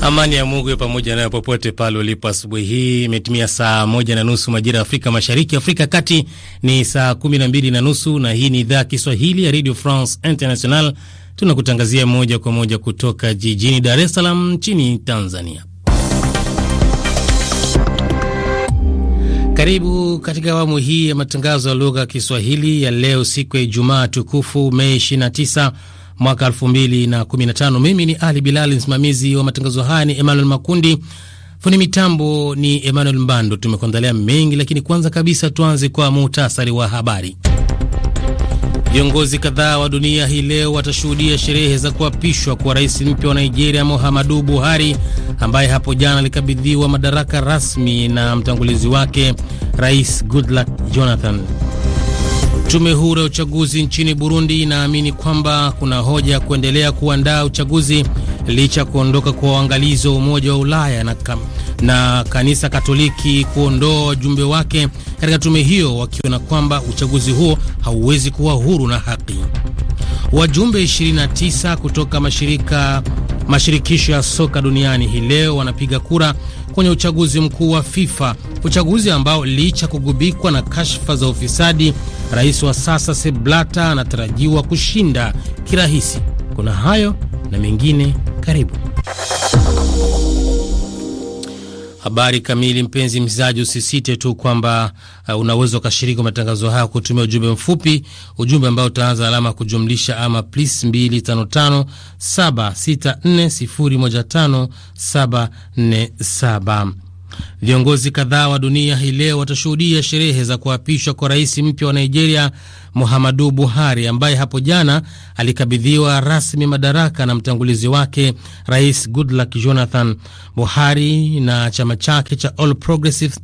Amani ya Mungu iwe pamoja nayo popote pale ulipo. Asubuhi hii imetimia saa moja na nusu majira ya Afrika Mashariki, Afrika Kati ni saa kumi na mbili na nusu na hii ni idhaa Kiswahili ya Radio France International. Tunakutangazia moja kwa moja kutoka jijini Dar es Salaam nchini Tanzania. Karibu katika awamu hii ya matangazo ya lugha ya Kiswahili ya leo, siku ya Ijumaa tukufu Mei 29 mwaka 2015. Mimi ni Ali Bilali, msimamizi wa matangazo haya ni Emmanuel Makundi, fundi mitambo ni Emmanuel Mbando. Tumekuandalia mengi, lakini kwanza kabisa tuanze kwa muhtasari wa habari. Viongozi kadhaa wa dunia hii leo watashuhudia sherehe za kuapishwa kwa rais mpya wa Nigeria Muhammadu Buhari, ambaye hapo jana alikabidhiwa madaraka rasmi na mtangulizi wake Rais Goodluck Jonathan. Tume huru ya uchaguzi nchini Burundi inaamini kwamba kuna hoja ya kuendelea kuandaa uchaguzi licha ya kuondoka kwa uangalizi wa Umoja wa Ulaya na, na Kanisa Katoliki kuondoa wajumbe wake katika tume hiyo wakiona kwamba uchaguzi huo hauwezi kuwa huru na haki. Wajumbe 29 kutoka mashirika mashirikisho ya soka duniani hii leo wanapiga kura kwenye uchaguzi mkuu wa FIFA, uchaguzi ambao licha kugubikwa na kashfa za ufisadi Rais wa sasa Sepp Blatter anatarajiwa kushinda kirahisi. Kuna hayo na mengine, karibu Habari kamili. Mpenzi msikilizaji, usisite tu kwamba uh, unaweza ukashiriki matangazo haya kutumia ujumbe mfupi, ujumbe ambao utaanza alama kujumlisha ama plus 255 764 015 747 Viongozi kadhaa wa dunia hii leo watashuhudia sherehe za kuapishwa kwa rais mpya wa Nigeria, Muhammadu Buhari, ambaye hapo jana alikabidhiwa rasmi madaraka na mtangulizi wake Rais Goodluck Jonathan. Buhari na chama chake cha All Progressive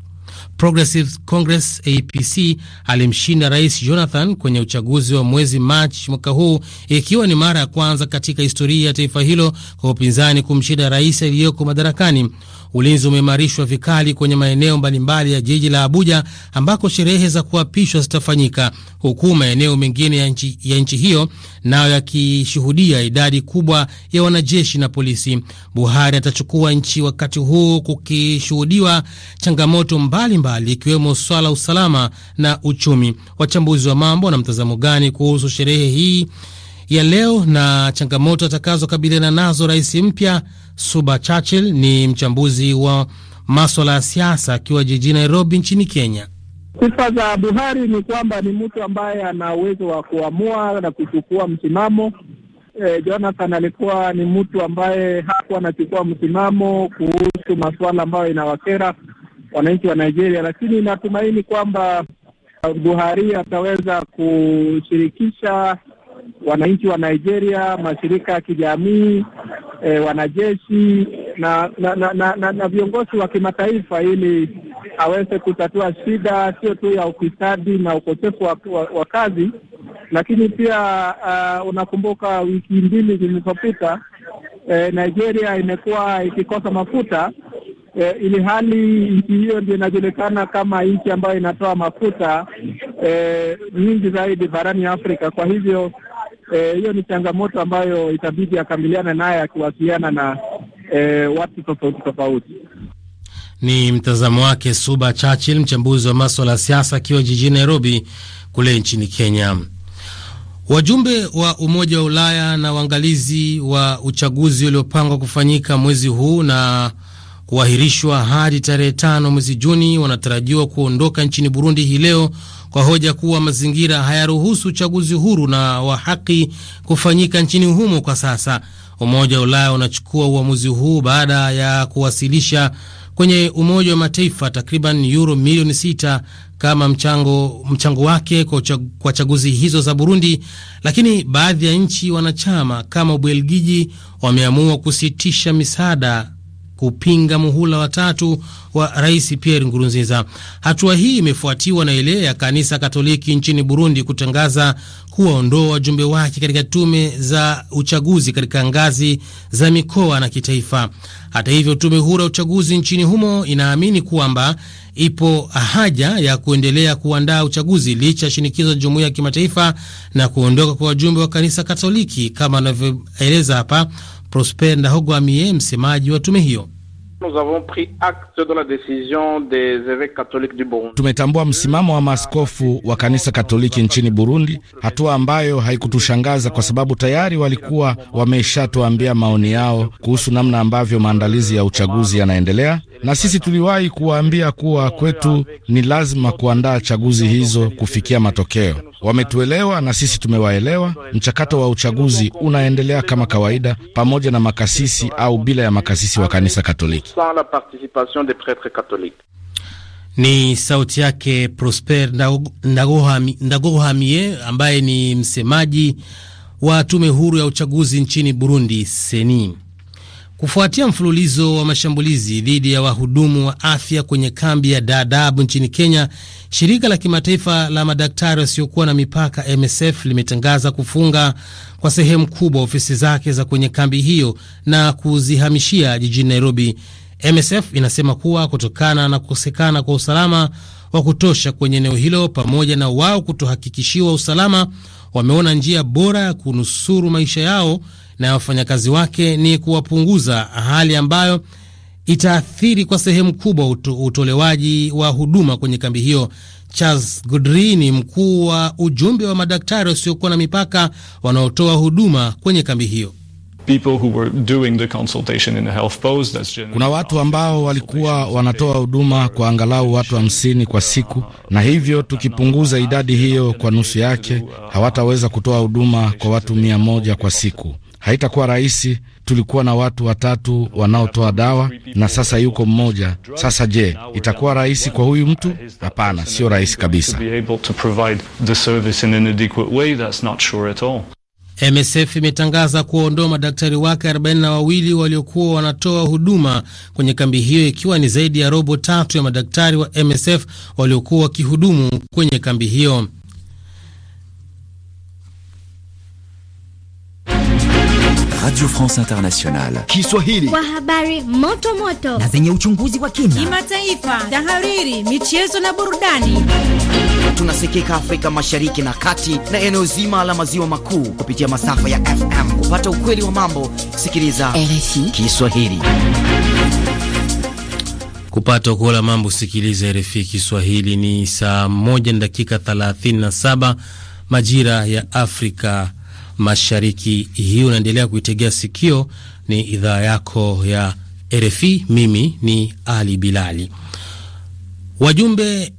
Progressive Congress APC alimshinda Rais Jonathan kwenye uchaguzi wa mwezi Machi mwaka huu, ikiwa ni mara ya kwanza katika historia ya taifa hilo kwa upinzani kumshinda rais aliyoko madarakani. Ulinzi umeimarishwa vikali kwenye maeneo mbalimbali ya jiji la Abuja ambako sherehe za kuapishwa zitafanyika, huku maeneo mengine ya nchi, ya nchi hiyo nayo yakishuhudia idadi kubwa ya wanajeshi na polisi. Buhari atachukua nchi wakati huu kukishuhudiwa changamoto mbalimbali ikiwemo swala usalama na uchumi. Wachambuzi wa mambo na mtazamo gani kuhusu sherehe hii ya leo na changamoto atakazokabiliana nazo rais mpya Suba Churchill ni mchambuzi wa maswala ya siasa akiwa jijini Nairobi nchini Kenya. Sifa za Buhari ni kwamba ni mtu ambaye ana uwezo wa kuamua na kuchukua msimamo. E, Jonathan alikuwa ni mtu ambaye hakuwa anachukua msimamo kuhusu masuala ambayo inawakera wananchi wa Nigeria, lakini natumaini kwamba Buhari ataweza kushirikisha wananchi wa Nigeria, mashirika ya kijamii e, wanajeshi na na, na, na, na, na viongozi wa kimataifa ili aweze kutatua shida sio tu ya ufisadi na ukosefu wa, wa, wa kazi, lakini pia uh, unakumbuka wiki mbili zilizopita e, Nigeria imekuwa ikikosa mafuta e, ili hali nchi hiyo ndio inajulikana kama nchi ambayo inatoa mafuta e, nyingi zaidi barani Afrika. Kwa hivyo Eh, hiyo e, ni changamoto ambayo itabidi akabiliane naye akiwasiliana na e, watu tofauti tofauti. Ni mtazamo wake Suba Churchill, mchambuzi wa maswala ya siasa, akiwa jijini Nairobi kule nchini Kenya. Wajumbe wa Umoja wa Ulaya na waangalizi wa uchaguzi uliopangwa kufanyika mwezi huu na kuahirishwa hadi tarehe tano mwezi Juni. Wanatarajiwa kuondoka nchini Burundi hii leo kwa hoja kuwa mazingira hayaruhusu uchaguzi huru na wa haki kufanyika nchini humo kwa sasa. Umoja wa Ulaya unachukua uamuzi huu baada ya kuwasilisha kwenye Umoja wa Mataifa takriban euro milioni sita kama mchango, mchango wake kwa, kwa chaguzi hizo za Burundi, lakini baadhi ya nchi wanachama kama Ubelgiji wameamua kusitisha misaada kupinga muhula watatu wa Rais Pierre Nkurunziza. Hatua hii imefuatiwa na ile ya kanisa Katoliki nchini Burundi kutangaza kuwaondoa wajumbe wake katika tume za uchaguzi katika ngazi za mikoa na kitaifa. Hata hivyo, tume huru ya uchaguzi nchini humo inaamini kwamba ipo haja ya kuendelea kuandaa uchaguzi licha ya shinikizo la jumuiya ya kimataifa na kuondoka kwa wajumbe wa kanisa Katoliki, kama anavyoeleza hapa Prosper Ndahogwamiye, msemaji wa tume hiyo. Nous avons pris acte de la décision des évêques catholiques du Burundi. Tumetambua msimamo wa maaskofu wa kanisa Katoliki nchini Burundi, hatua ambayo haikutushangaza kwa sababu tayari walikuwa wameshatuambia maoni yao kuhusu namna ambavyo maandalizi ya uchaguzi yanaendelea na sisi tuliwahi kuwaambia kuwa kwetu ni lazima kuandaa chaguzi hizo kufikia matokeo. Wametuelewa na sisi tumewaelewa. Mchakato wa uchaguzi unaendelea kama kawaida, pamoja na makasisi au bila ya makasisi wa kanisa Katoliki. Ni sauti yake Prosper Ndagohamie ambaye ni msemaji wa tume huru ya uchaguzi nchini Burundi, Seni. Kufuatia mfululizo wa mashambulizi dhidi ya wahudumu wa afya kwenye kambi ya Dadaab nchini Kenya, shirika la kimataifa la madaktari wasiokuwa na mipaka MSF limetangaza kufunga kwa sehemu kubwa ofisi zake za kwenye kambi hiyo na kuzihamishia jijini Nairobi. MSF inasema kuwa kutokana na kukosekana kwa usalama wa kutosha kwenye eneo hilo pamoja na wao kutohakikishiwa usalama, wameona njia bora ya kunusuru maisha yao na ya wafanyakazi wake ni kuwapunguza, hali ambayo itaathiri kwa sehemu kubwa uto, utolewaji wa huduma kwenye kambi hiyo. Charles Godfrey ni mkuu wa ujumbe wa madaktari wasiokuwa na mipaka wanaotoa huduma kwenye kambi hiyo. Kuna watu ambao walikuwa wanatoa huduma kwa angalau watu hamsini kwa siku, na hivyo tukipunguza idadi hiyo kwa nusu yake, hawataweza kutoa huduma kwa watu mia moja kwa siku haitakuwa rahisi. Tulikuwa na watu watatu wanaotoa dawa na sasa yuko mmoja. Sasa je, itakuwa rahisi kwa huyu mtu? Hapana, sio rahisi kabisa. MSF imetangaza kuwaondoa madaktari wake 42 waliokuwa wanatoa huduma kwenye kambi hiyo ikiwa ni zaidi ya robo tatu ya madaktari wa MSF waliokuwa wakihudumu kwenye kambi hiyo. Radio France Internationale. Kiswahili. Kwa habari moto moto na zenye uchunguzi wa kina, kimataifa, tahariri, michezo na burudani. Tunasikika Afrika Mashariki na Kati na eneo zima la maziwa makuu kupitia masafa ya FM. Kupata ukweli wa mambo, sikiliza RFI Kiswahili. Kupata ukweli wa mambo, sikiliza RFI Kiswahili. Ni saa moja na dakika 37 majira ya Afrika Mashariki. Hii unaendelea kuitegea sikio, ni idhaa yako ya RFI. Mimi ni Ali Bilali. Wajumbe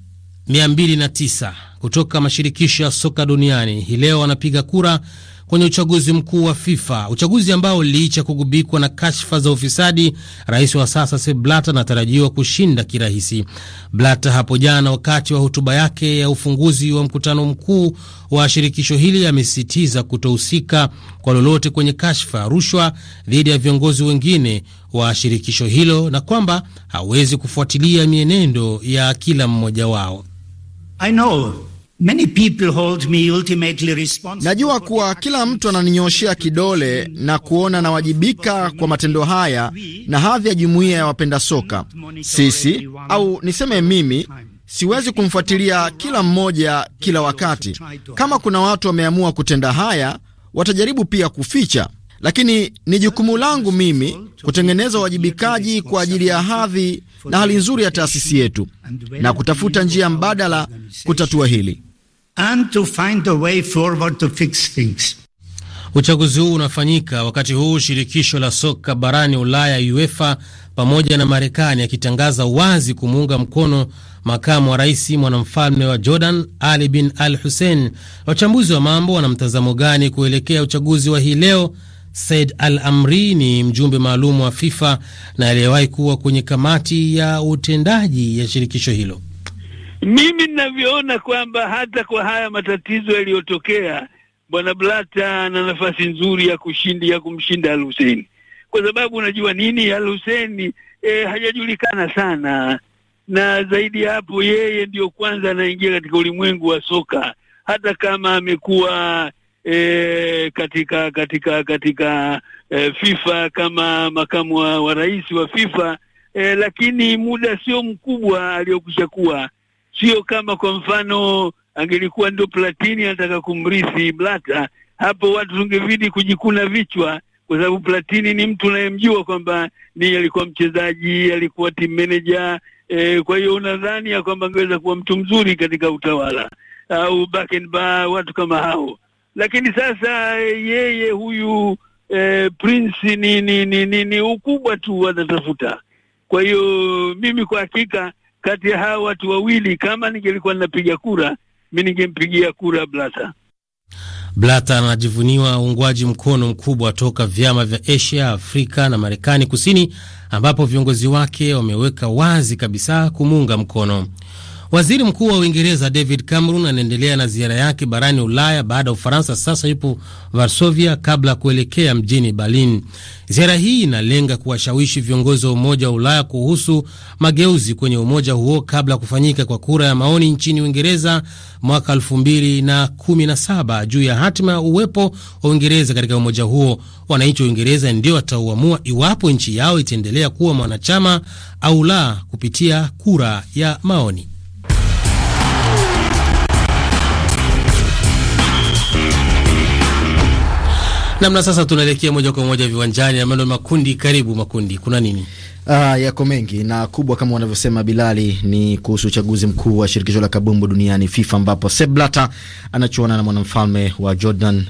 209 kutoka mashirikisho ya soka duniani hii leo wanapiga kura kwenye uchaguzi mkuu wa FIFA, uchaguzi ambao licha kugubikwa na kashfa za ufisadi, rais wa sasa Sepp Blatter anatarajiwa kushinda kirahisi. Blatter hapo jana, wakati wa hotuba yake ya ufunguzi wa mkutano mkuu wa shirikisho hili, amesisitiza kutohusika kwa lolote kwenye kashfa rushwa dhidi ya viongozi wengine wa shirikisho hilo na kwamba hawezi kufuatilia mienendo ya kila mmoja wao. I know. Many people hold me ultimately responsible. Najua kuwa kila mtu ananinyoshea kidole na kuona nawajibika kwa matendo haya na hadhi ya jumuiya ya wapenda soka. Sisi au niseme mimi siwezi kumfuatilia kila mmoja kila wakati. Kama kuna watu wameamua kutenda haya, watajaribu pia kuficha lakini ni jukumu langu mimi kutengeneza uwajibikaji kwa ajili ya hadhi na hali nzuri ya taasisi yetu na kutafuta njia mbadala kutatua hili. Uchaguzi huu unafanyika wakati huu shirikisho la soka barani Ulaya UEFA pamoja na Marekani akitangaza wazi kumuunga mkono makamu wa rais mwanamfalme wa Jordan Ali bin Al Hussein. Wachambuzi wa mambo wana mtazamo gani kuelekea uchaguzi wa hii leo? Said Al Amri ni mjumbe maalum wa FIFA na aliyewahi kuwa kwenye kamati ya utendaji ya shirikisho hilo. Mimi ninavyoona kwamba hata kwa haya matatizo yaliyotokea, bwana Blata ana nafasi nzuri ya kushindi ya kumshinda Al Hussein, kwa sababu unajua nini, Al Hussein e, hajajulikana sana, na zaidi ya hapo, yeye ndiyo kwanza anaingia katika ulimwengu wa soka, hata kama amekuwa e, katika katika katika e, FIFA kama makamu wa, wa rais wa FIFA e, lakini muda sio mkubwa aliyokwisha kuwa, sio kama kwa mfano angelikuwa ndio Platini anataka kumrithi Blata, hapo watu tungevidi kujikuna vichwa, kwa sababu Platini ni mtu unayemjua kwamba ni alikuwa mchezaji, alikuwa team manager e, kwa hiyo unadhani ya kwamba angeweza kuwa mtu mzuri katika utawala au Beckenbauer, watu kama hao lakini sasa yeye huyu eh, Prince ni ni, ni, ni ni ukubwa tu wanatafuta. Kwa hiyo mimi kwa hakika kati ya hawa watu wawili, kama ningelikuwa ninapiga kura, mi ningempigia kura Blata. Blata anajivuniwa uungwaji mkono mkubwa toka vyama vya Asia, Afrika na Marekani Kusini, ambapo viongozi wake wameweka wazi kabisa kumuunga mkono. Waziri Mkuu wa Uingereza David Cameron anaendelea na ziara yake barani Ulaya baada ya Ufaransa. Sasa yupo Varsovia kabla ya kuelekea mjini Berlin. Ziara hii inalenga kuwashawishi viongozi wa Umoja wa Ulaya kuhusu mageuzi kwenye umoja huo kabla ya kufanyika kwa kura ya maoni nchini Uingereza mwaka elfu juu ya hatima ya uwepo wa Uingereza katika umoja huo. Wananchi wa Uingereza ndio watauamua iwapo nchi yao itaendelea kuwa mwanachama au la kupitia kura ya maoni. Namna sasa tunaelekea moja kwa moja viwanjani, Amando Makundi, karibu Makundi, kuna nini? Uh, yako mengi na kubwa kama wanavyosema Bilali ni kuhusu uchaguzi mkuu wa shirikisho la kabumbu duniani FIFA, ambapo Sepp Blatter anachuana na mwanamfalme wa Jordan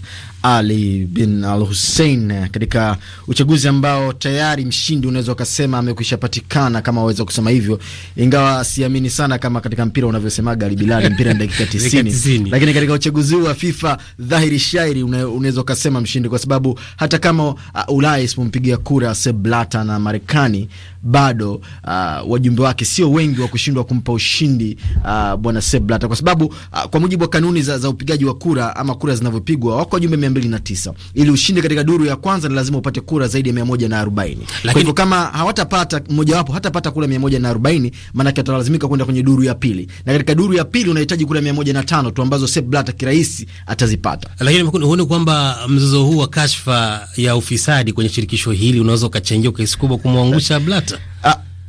ali bin Al Hussein eh, katika uchaguzi ambao tayari mshindi unaweza ukasema amekwisha patikana, kama waweza kusema hivyo, ingawa siamini sana kama katika mpira unavyosemaga Ali Bilali, mpira ni dakika 90 lakini katika uchaguzi huu wa FIFA dhahiri shairi unaweza ukasema mshindi, kwa sababu hata kama uh, Ulaya isipompigia kura Sepp Blatter na Marekani bado uh, wajumbe wake sio wengi wa kushindwa kumpa ushindi uh, bwana Seblata, kwa sababu uh, kwa mujibu wa kanuni za, za upigaji wa kura ama kura zinavyopigwa wako wajumbe na tisa. ili ushinde katika duru ya kwanza ni lazima upate kura zaidi ya 140 kwa hivyo kama hawatapata mmoja wapo hatapata kura 140 maana yake atalazimika kwenda kwenye duru ya pili na katika duru ya pili unahitaji kura 105 tu ambazo Seblata Blatter kirahisi atazipata lakini huoni kwamba mzozo huu wa kashfa ya ufisadi kwenye shirikisho hili unaweza ukachangia kwa kiasi kubwa kumwangusha Blatter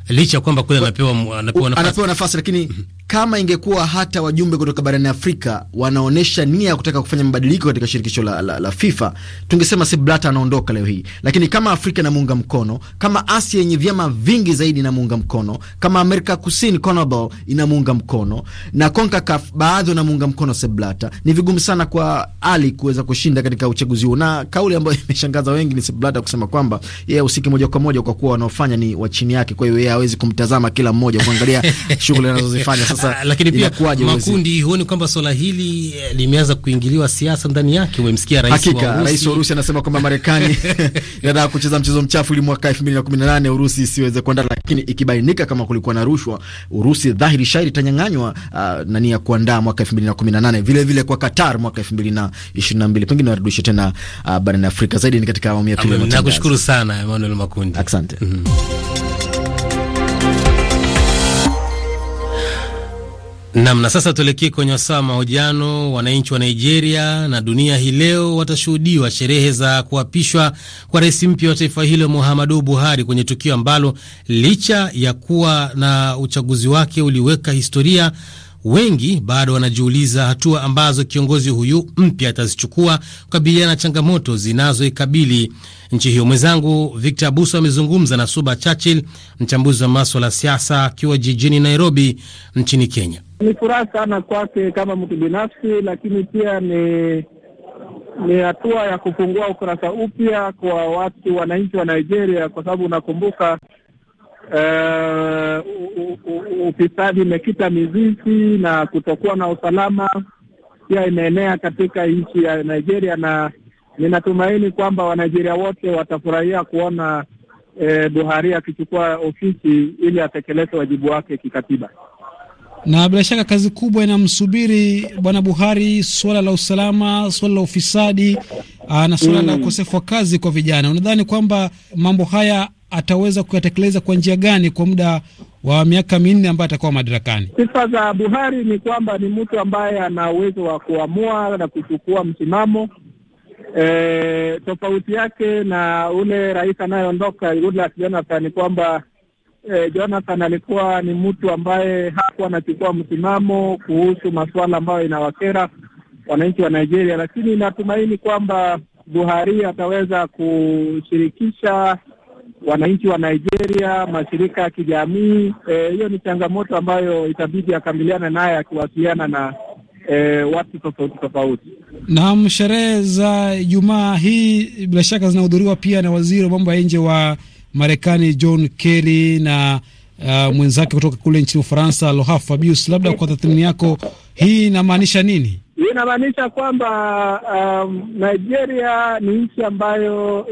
licha ya kwamba kule anapewa anapewa nafasi lakini mhm kama ingekuwa hata wajumbe kutoka barani Afrika wanaonyesha nia ya kutaka kufanya mabadiliko katika shirikisho la, la, la FIFA, tungesema si Blata anaondoka leo hii. Lakini kama Afrika inamuunga mkono, kama Asia yenye vyama vingi zaidi inamuunga mkono, kama Amerika Kusini CONMEBOL inamuunga mkono na CONCACAF baadhi wanamuunga mkono si Blata, ni vigumu sana kwa Ali kuweza kushinda katika uchaguzi huu, na kauli ambayo imeshangaza wengi ni si Blata kusema kwamba yeye usiki moja kwa moja kwa kuwa wanaofanya ni wa chini yake, kwa hiyo yeye hawezi kumtazama kila mmoja kuangalia shughuli anazozifanya sasa, ah, lakini pia makundi huoni kwamba swala hili eh, limeanza kuingiliwa siasa ndani yake? Umemsikia rais Hakika, wa Urusi. Rais wa Urusi anasema kwamba Marekani inataka kucheza mchezo mchafu ili mwaka 2018 Urusi isiweze kuandaa, lakini ikibainika kama kulikuwa na rushwa, Urusi dhahiri shairi itanyang'anywa uh, ah, nani ya kuandaa mwaka 2018 vile vile kwa Qatar mwaka 2022. Pengine warudishe tena uh, barani Afrika zaidi ni katika awamu ya pili. Nakushukuru sana Emmanuel Makundi, asante. mm -hmm. Nam, na sasa tuelekee kwenye wasaa mahojiano. Wananchi wa Nigeria na dunia hii leo watashuhudiwa sherehe za kuapishwa kwa rais mpya wa taifa hilo Muhammadu Buhari, kwenye tukio ambalo licha ya kuwa na uchaguzi wake uliweka historia, wengi bado wanajiuliza hatua ambazo kiongozi huyu mpya atazichukua kukabiliana na changamoto zinazoikabili nchi hiyo. Mwenzangu Victor Abuso amezungumza na Suba Churchill, mchambuzi wa maswala ya siasa, akiwa jijini Nairobi nchini Kenya. Ni furaha sana kwake kama mtu binafsi, lakini pia ni ni hatua ya kufungua ukurasa upya kwa watu wananchi wa Nigeria, kwa sababu unakumbuka eh, ufisadi uh, imekita mizizi na kutokuwa na usalama pia imeenea katika nchi ya Nigeria, na ninatumaini kwamba Wanigeria wote watafurahia kuona eh, Buhari akichukua ofisi ili atekeleze wajibu wake kikatiba na bila shaka kazi kubwa inamsubiri Bwana Buhari, suala la usalama, suala la ufisadi aa, ah, na suala mm, la ukosefu wa kazi kwa vijana. Unadhani kwamba mambo haya ataweza kuyatekeleza kwa njia gani kwa muda wa miaka minne ambayo atakuwa madarakani. Sifa za Buhari ni kwamba ni mtu ambaye ana uwezo wa kuamua na kuchukua msimamo. E, tofauti yake na ule rais anayeondoka Goodluck Jonathan ni kwamba eh, Jonathan alikuwa ni mtu ambaye hakuwa anachukua msimamo kuhusu masuala ambayo inawakera wananchi wa Nigeria, lakini natumaini kwamba Buhari ataweza kushirikisha wananchi wa Nigeria, mashirika ya kijamii. Eh, hiyo e, ni changamoto ambayo itabidi akabiliane naye akiwasiliana na e, watu tofauti tofauti. Naam, sherehe za Ijumaa hii bila shaka zinahudhuriwa pia na waziri wa mambo ya nje wa Marekani John Kerry na uh, mwenzake kutoka kule nchini Ufaransa loha Fabius, labda kwa tathmini yako hii inamaanisha nini? Hii inamaanisha kwamba um, Nigeria ni nchi ambayo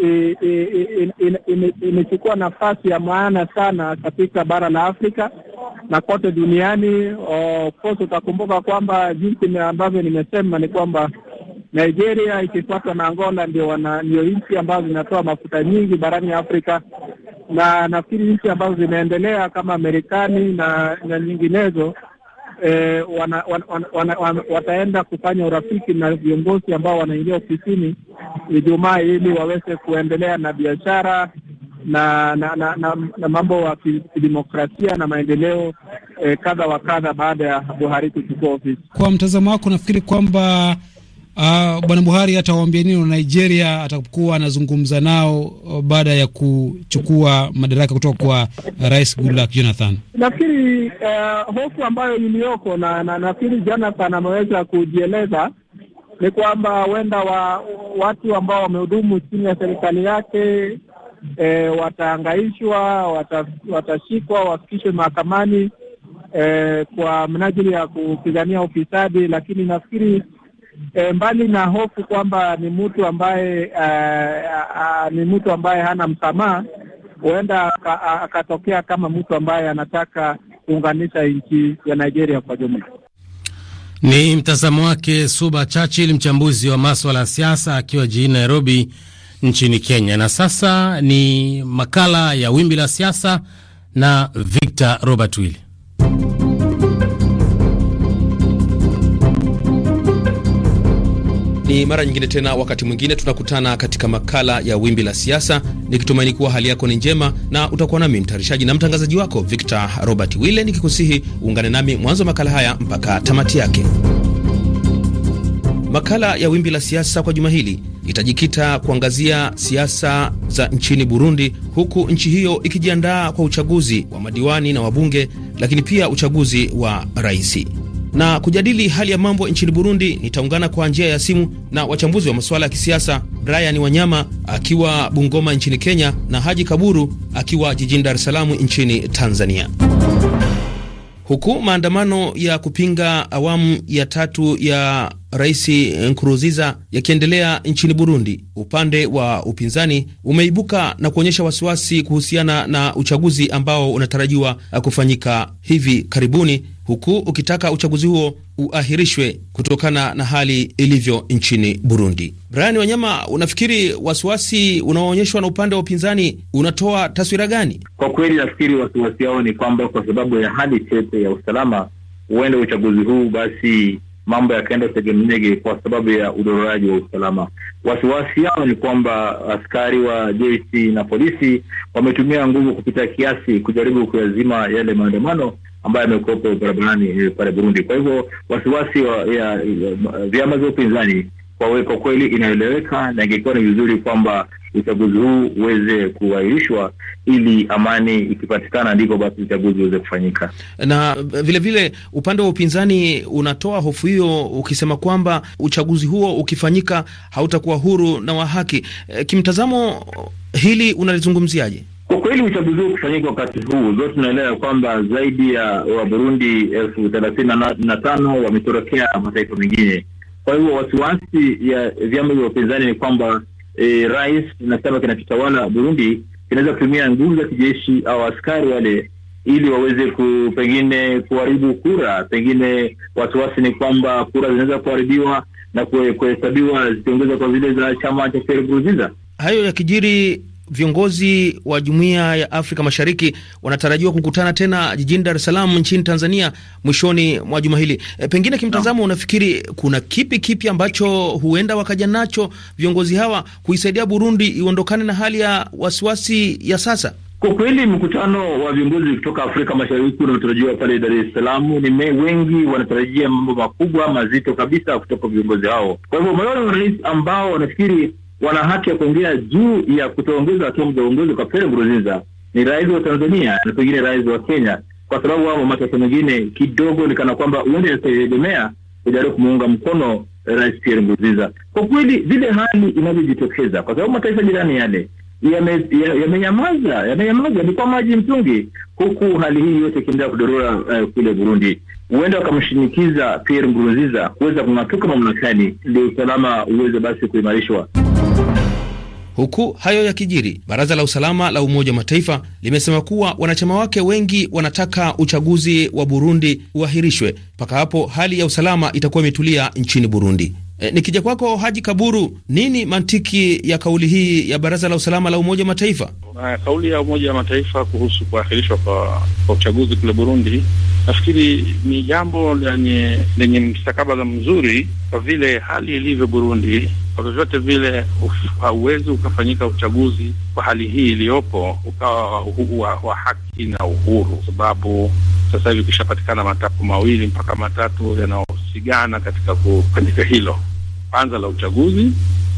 imechukua nafasi ya maana sana katika bara la Afrika na kote duniani. Oh, of course utakumbuka kwamba jinsi ambavyo nimesema ni kwamba Nigeria ikifuatwa na Angola ndio ndio nchi ambazo zinatoa mafuta nyingi barani Afrika, na nafikiri nchi ambazo zimeendelea kama Marekani na, na nyinginezo e, wana, wana, wana, wana, wana, wataenda kufanya urafiki na viongozi ambao wanaingia ofisini Ijumaa ili waweze kuendelea na biashara na na, na, na, na mambo ya kidemokrasia na maendeleo eh, kadha wa kadha baada ya Buhari kuchukua ofisi. Kwa mtazamo wako, nafikiri kwamba Uh, Bwana Buhari atawaambia nini wa Nigeria atakuwa anazungumza nao uh, baada ya kuchukua madaraka kutoka kwa uh, Rais Goodluck Jonathan? Nafikiri uh, hofu ambayo iliyoko na, na nafikiri Jonathan ameweza kujieleza ni kwamba huenda wa, watu ambao wamehudumu chini ya serikali yake e, eh, wataangaishwa, watashikwa, wata wafikishwe mahakamani e, kwa minajili ya kupigania ufisadi, lakini nafikiri E, mbali na hofu kwamba ni mtu ambaye e, ni mtu ambaye hana msamaha, huenda akatokea kama mtu ambaye anataka kuunganisha nchi ya Nigeria kwa jumla. Ni mtazamo wake Suba Churchill, mchambuzi wa maswala ya siasa akiwa jijini Nairobi nchini Kenya. Na sasa ni makala ya wimbi la siasa na Victor Robert Willi. Ni mara nyingine tena, wakati mwingine tunakutana katika makala ya Wimbi la Siasa, nikitumaini kuwa hali yako ni njema na utakuwa nami mtayarishaji na mtangazaji wako Victor Robert Wille, nikikusihi uungane nami mwanzo wa makala haya mpaka tamati yake. Makala ya Wimbi la Siasa kwa juma hili itajikita kuangazia siasa za nchini Burundi, huku nchi hiyo ikijiandaa kwa uchaguzi wa madiwani na wabunge, lakini pia uchaguzi wa raisi na kujadili hali ya mambo nchini Burundi, nitaungana kwa njia ya simu na wachambuzi wa masuala ya kisiasa, Brian Wanyama akiwa Bungoma nchini Kenya na Haji Kaburu akiwa jijini Dar es Salaam nchini Tanzania. Huku maandamano ya kupinga awamu ya tatu ya Rais Nkurunziza yakiendelea nchini Burundi, upande wa upinzani umeibuka na kuonyesha wasiwasi kuhusiana na uchaguzi ambao unatarajiwa kufanyika hivi karibuni huku ukitaka uchaguzi huo uahirishwe kutokana na hali ilivyo nchini Burundi. Brian Wanyama, unafikiri wasiwasi unaoonyeshwa na upande wa upinzani unatoa taswira gani? Kwa kweli, nafikiri wasiwasi hao ni kwamba kwa sababu ya hali tete ya usalama, huenda uchaguzi huu basi mambo yakaenda segemnege kwa sababu ya udororaji wa usalama. Wasiwasi yao ni kwamba askari wa jeshi na polisi wametumia nguvu kupita kiasi kujaribu kuyazima yale maandamano ambaye yamekuwepo barabarani eh, pale Burundi. Kwa hivyo wasiwasi wa, ya, vyama vya upinzani kwa, kwa kweli inaeleweka na ingekuwa ni vizuri kwamba uchaguzi huu uweze kuahirishwa ili amani ikipatikana, ndipo basi uchaguzi uweze kufanyika. Na vilevile vile, upande wa upinzani unatoa hofu hiyo ukisema kwamba uchaguzi huo ukifanyika hautakuwa huru na wa haki. Eh, kimtazamo hili unalizungumziaje? Kwa kweli uchaguzi huu kufanyika wakati huu, zote tunaelewa kwamba zaidi ya Waburundi elfu thelathini na tano wametorokea mataifa mengine. Kwa hivyo wasiwasi ya vyama vya upinzani ni kwamba e, rais na chama kinachotawala Burundi kinaweza kutumia nguvu za kijeshi au askari wale ili waweze ku, pengine kuharibu kura. Pengine wasiwasi ni kwamba kura zinaweza kuharibiwa na kuhesabiwa zikiongeza kwa zile za chama cha Pierre Nkurunziza. Hayo yakijiri viongozi wa Jumuiya ya Afrika Mashariki wanatarajiwa kukutana tena jijini Dar es Salaam nchini Tanzania mwishoni mwa juma hili. E, pengine kimtazamo, no. unafikiri kuna kipi kipi ambacho huenda wakaja nacho viongozi hawa kuisaidia Burundi iondokane na hali ya wasiwasi ya sasa? Kwa kweli mkutano wa viongozi kutoka Afrika Mashariki unaotarajiwa pale Dar es Salaam, ni wengi wanatarajia mambo makubwa mazito kabisa kutoka viongozi hao. Kwa hivyo maoni rais ambao wanafikiri wana haki ya kuongea juu ya kutoongeza atomu za uongozi kwa Pierre Nkurunziza. Ni rais wa Tanzania na pengine rais wa Kenya, kwa sababu wao mataifa mengine kidogo ni kana kwamba uende yataegemea kujaribu kumuunga mkono rais Pierre Nkurunziza. Kwa kweli vile hali inavyojitokeza, kwa sababu mataifa jirani yale yamenyamaza, ya yamenyamaza ni kwa maji mtungi, huku hali hii yote ikiendelea kudorora uh, kule Burundi huenda wakamshinikiza Pierre Nkurunziza kuweza kung'atuka mamlakani, ndio usalama uweze basi kuimarishwa. Huku hayo ya kijiri baraza la usalama la Umoja wa Mataifa limesema kuwa wanachama wake wengi wanataka uchaguzi wa Burundi uahirishwe mpaka hapo hali ya usalama itakuwa imetulia nchini Burundi. E, nikija kwako Haji Kaburu, nini mantiki ya kauli hii ya baraza la usalama la Umoja wa Mataifa? Eh, kauli ya Umoja wa Mataifa kuhusu kuahirishwa kwa, kwa uchaguzi kule Burundi Nafikiri ni jambo lenye lenye mstakabala mzuri kwa vile hali ilivyo Burundi, kwa vyovyote vile hauwezi ukafanyika uchaguzi kwa hali hii iliyopo ukawa wa haki na uhuru, sababu sasa hivi kishapatikana matapu mawili mpaka matatu yanayosigana katika kufanyika hilo, kwanza la uchaguzi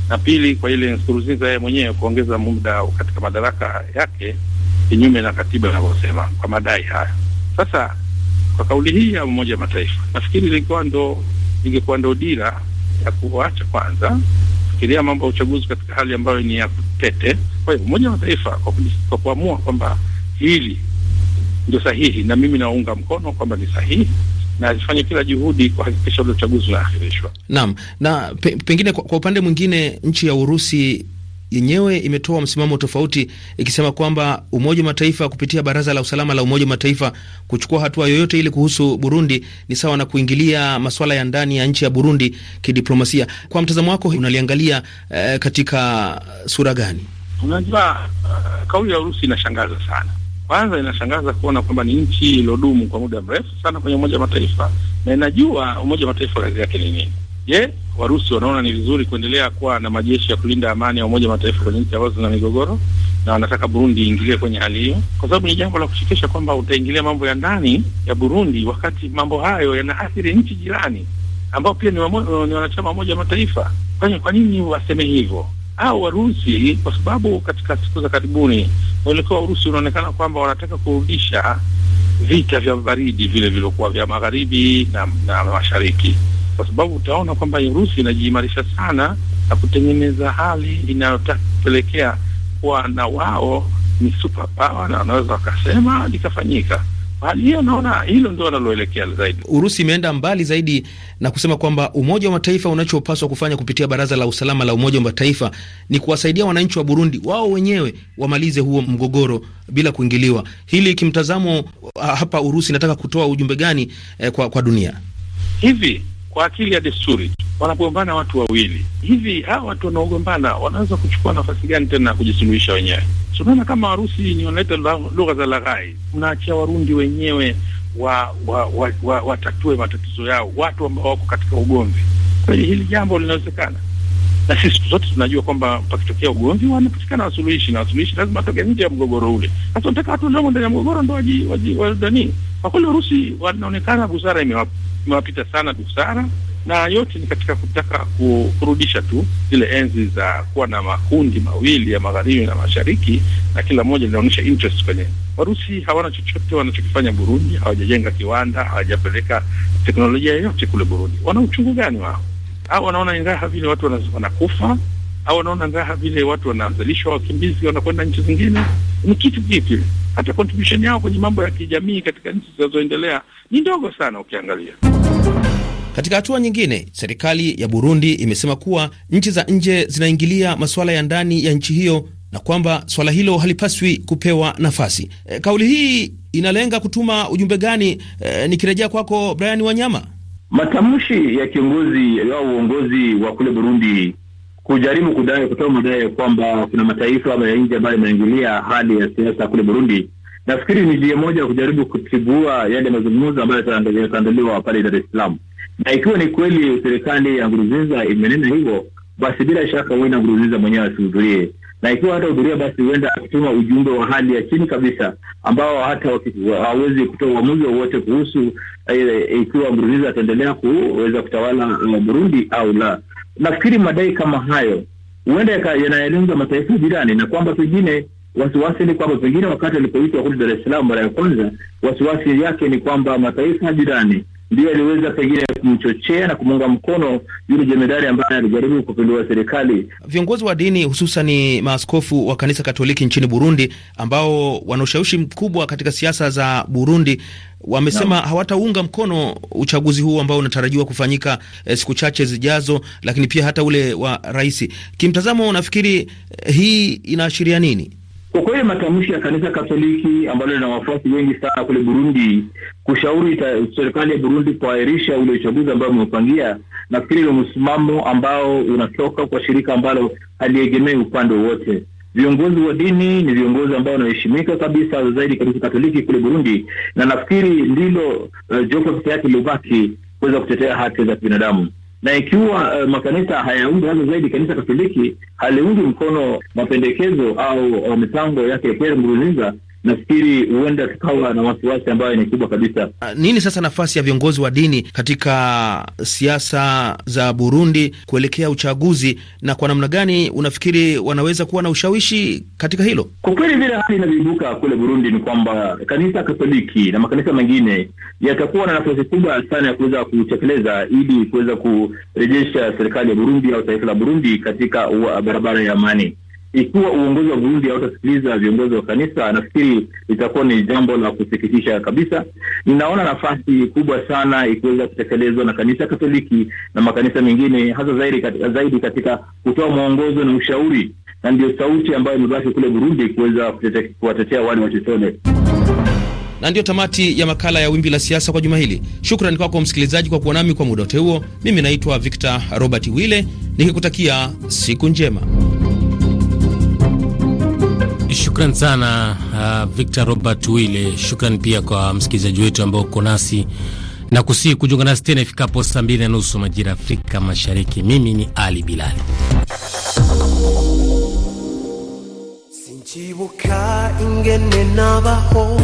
na pili kwa ile Nkurunziza yeye mwenyewe kuongeza muda katika madaraka yake kinyume na katiba inavyosema kwa madai haya sasa kwa kauli hii ya Umoja wa Mataifa, nafikiri ilikuwa ndo ingekuwa ndo dira ya kuacha kwanza fikiria mambo ya uchaguzi katika hali ambayo ni ya kutete. Kwa hiyo Umoja wa Mataifa kwa kuamua kwamba hili ndio sahihi, na mimi naunga mkono kwamba ni sahihi na alifanya kila juhudi kuhakikisha ule uchaguzi unaahirishwa. Naam, na pe, pengine kwa, kwa upande mwingine nchi ya Urusi yenyewe imetoa msimamo tofauti ikisema kwamba Umoja wa Mataifa kupitia Baraza la Usalama la Umoja wa Mataifa kuchukua hatua yoyote ile kuhusu Burundi ni sawa na kuingilia masuala ya ndani ya nchi ya Burundi kidiplomasia. Kwa mtazamo wako unaliangalia eh, katika sura gani? Unajua, uh, kauli ya Urusi inashangaza sana. Kwanza inashangaza kuona kwamba ni nchi iliyodumu kwa muda mrefu sana kwenye Umoja wa Mataifa na inajua Umoja wa Mataifa kazi yake ni nini Je, Warusi wanaona ni vizuri kuendelea kuwa na majeshi ya kulinda amani ya Umoja Mataifa kwenye nchi ambazo zina migogoro na wanataka Burundi iingilie kwenye hali hiyo, kwa sababu ni jambo la kushikisha kwamba utaingilia mambo ya ndani ya Burundi wakati mambo hayo yanaathiri nchi jirani ambao pia ni, wamo, ni wanachama wa Umoja wa Mataifa. Kwa nini waseme hivyo? Au Warusi kwa sababu katika siku za karibuni mwelekeo wa Urusi unaonekana kwamba wanataka kurudisha vita vya baridi vile vilivyokuwa vya magharibi na, na mashariki kwa sababu utaona kwamba Urusi inajiimarisha sana na kutengeneza hali inayotapelekea kuwa na wao ni super power na wanaweza wakasema likafanyika. Hali hiyo naona hilo ndio wanaloelekea zaidi. Urusi imeenda mbali zaidi na kusema kwamba Umoja wa Mataifa unachopaswa kufanya kupitia Baraza la Usalama la Umoja wa Mataifa ni kuwasaidia wananchi wa Burundi wao wenyewe wamalize huo mgogoro bila kuingiliwa. Hili kimtazamo ah, hapa Urusi inataka kutoa ujumbe gani eh, kwa, kwa dunia hivi kwa akili ya desturi wanapogombana watu wawili hivi, hawa watu wanaogombana wanaweza kuchukua nafasi gani tena kujisuluhisha wenyewe? Tunaona kama Warusi ni wanaleta lugha za laghai, mnaachia Warundi wenyewe wa, wa, wa, wa, wa matatizo yao, watu ambao wako katika ugomvi. Kweli hili jambo linawezekana? Na sisi siku zote tunajua kwamba pakitokea ugomvi wanapatikana wasuluhishi, na wasuluhishi lazima watoke nje ya mgogoro ule. Sasa nataka watu waliomo ndani ya mgogoro ndo waji, waji, waji, kwa kweli Warusi wanaonekana busara imewapa tumewapita sana busara, na yote ni katika kutaka kurudisha tu zile enzi za kuwa na makundi mawili ya magharibi na mashariki, na kila moja linaonyesha interest kwenye. Warusi hawana chochote wanachokifanya Burundi, hawajajenga kiwanda, hawajapeleka teknolojia yoyote kule Burundi. Wana uchungu gani wao? Au wanaona ingawa vile watu wanakufa au wanaona ngaha vile watu wanazalishwa wakimbizi wanakwenda nchi zingine, ni kitu kipi? Hata contribution yao kwenye mambo ya kijamii katika nchi zinazoendelea ni ndogo sana ukiangalia. Katika hatua nyingine, serikali ya Burundi imesema kuwa nchi za nje zinaingilia masuala ya ndani ya nchi hiyo na kwamba swala hilo halipaswi kupewa nafasi. E, kauli hii inalenga kutuma ujumbe gani? E, nikirejea kwako Brian Wanyama, matamshi ya kiongozi wa uongozi wa kule Burundi kujaribu kudai kutoa madai ya kwamba kuna mataifa ama ya nje ambayo yanaingilia hali ya siasa kule Burundi. Nafikiri ni njia moja ya kujaribu kutibua yale mazungumzo ambayo yataandaliwa pale Dar es Salaam, na ikiwa ni kweli serikali ya Nkurunziza imenena hivyo, basi bila shaka huenda Nkurunziza mwenyewe asihudhurie, na ikiwa hata hudhuria, basi huenda akituma ujumbe wa hali ya chini kabisa ambao hata hawezi kutoa uamuzi wowote kuhusu eh, ikiwa Nkurunziza ataendelea kuweza kutawala eh, Burundi au la nafikiri madai kama hayo huenda yanayalenga mataifa jirani, na kwamba pengine wasiwasi ni kwamba pengine wakati alipoitwa kurudi Dar es Salaam mara ya kwanza, wasiwasi yake ni kwamba mataifa jirani ndiyo aliweza pengine kumchochea na kumuunga mkono yule jemedari ambaye alijaribu kupindua serikali. Viongozi wa dini hususani maaskofu wa kanisa Katoliki nchini Burundi ambao wana ushawishi mkubwa katika siasa za Burundi wamesema hawataunga mkono uchaguzi huu ambao unatarajiwa kufanyika e, siku chache zijazo, lakini pia hata ule wa rais. Kimtazamo, unafikiri eh, hii inaashiria nini? Kwa kweli matamshi ya kanisa Katoliki ambalo lina wafuasi wengi sana kule Burundi kushauri serikali ya Burundi kuahirisha ule uchaguzi ambao umepangia. Nafikiri ni msimamo ambao unatoka kwa shirika ambalo haliegemei upande wowote. Viongozi wa dini ni viongozi ambao wanaheshimika kabisa zaidi kabisa Katoliki kule Burundi, na nafikiri ndilo uh, eh, jopo peke yake lilobaki kuweza kutetea haki za kibinadamu. na ikiwa uh, makanisa hayaungi hasa zaidi kanisa Katoliki haliungi mkono mapendekezo au eh, mipango yake ya Pierre Nkurunziza, nafikiri huenda tukawa na wasiwasi ambayo ni kubwa kabisa. Ah, nini sasa nafasi ya viongozi wa dini katika siasa za Burundi kuelekea uchaguzi, na kwa namna gani unafikiri wanaweza kuwa na ushawishi katika hilo? Kwa kweli vile hali inavyoibuka kule Burundi ni kwamba kanisa Katoliki na makanisa mengine yatakuwa na nafasi kubwa sana ya kuweza kutekeleza ili kuweza kurejesha serikali ya Burundi au taifa la Burundi katika barabara ya amani ikiwa uongozi wa Burundi hautasikiliza viongozi wa kanisa, nafikiri itakuwa ni jambo la kusikitisha kabisa. Ninaona nafasi kubwa sana ikiweza kutekelezwa na kanisa Katoliki na makanisa mengine, hasa zaidi katika, zaidi katika kutoa mwongozo na ushauri, na ndio sauti ambayo imebaki kule Burundi kuweza kuwatetea wale wachochole na ndiyo tamati ya makala ya Wimbi la Siasa kwa juma hili. Shukrani kwako msikilizaji kwa kuwa nami kwa muda wote huo. Mimi naitwa Victor Robert Wille nikikutakia siku njema. Shukran sana uh, Victor Robert Wile. Shukran pia kwa msikilizaji wetu ambao uko nasi na kusii kujunga nasi tena ifikapo saa mbili na nusu majira Afrika Mashariki. Mimi ni Ali Bilali. sinchibuka ingene nabaho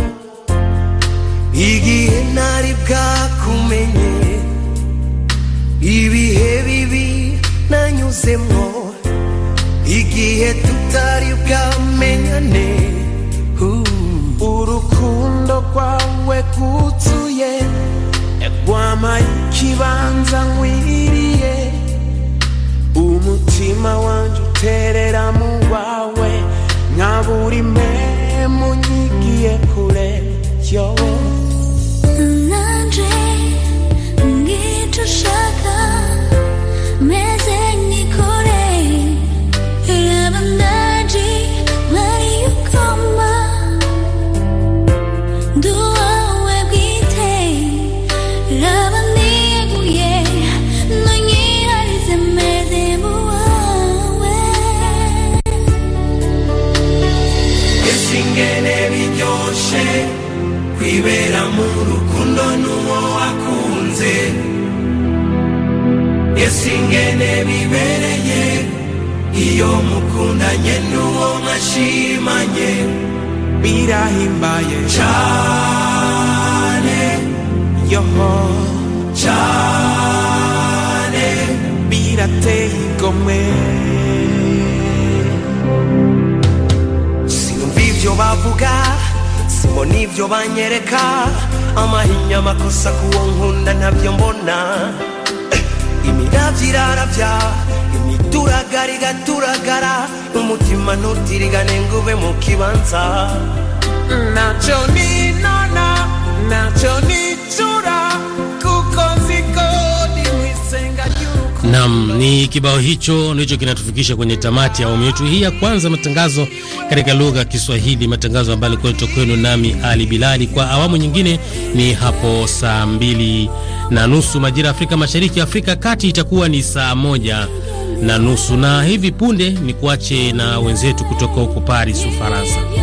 igihe nari kumenye ibihe bibi nanyuzemo igihe tutari bwamenyane urukundo kutuye, rwuzuye rwamaye ikibanza nkwiriye umutima wanjye uterera mu wawe nkabura imwe munyigiye kure yowe mira himbaye chale yoho chale pírate y come sino bivyo bavuga simbona ivyo banyereka amahinya amakosa kuwo nkunda ntabyo mbona eh, imiravyo iraravya imituragarigaraturagara umutima ntutirigane ngube mu kibanza Nam, ni kibao hicho ndicho kinatufikisha kwenye tamati ya awamu yetu hii ya kwanza matangazo katika lugha ya Kiswahili, matangazo ambayo alikuwa nitoka kwenu nami Ali Bilali. Kwa awamu nyingine ni hapo saa mbili na nusu majira ya Afrika Mashariki, Afrika Kati itakuwa ni saa moja na nusu, na hivi punde ni kuache na wenzetu kutoka huko Paris, Ufaransa.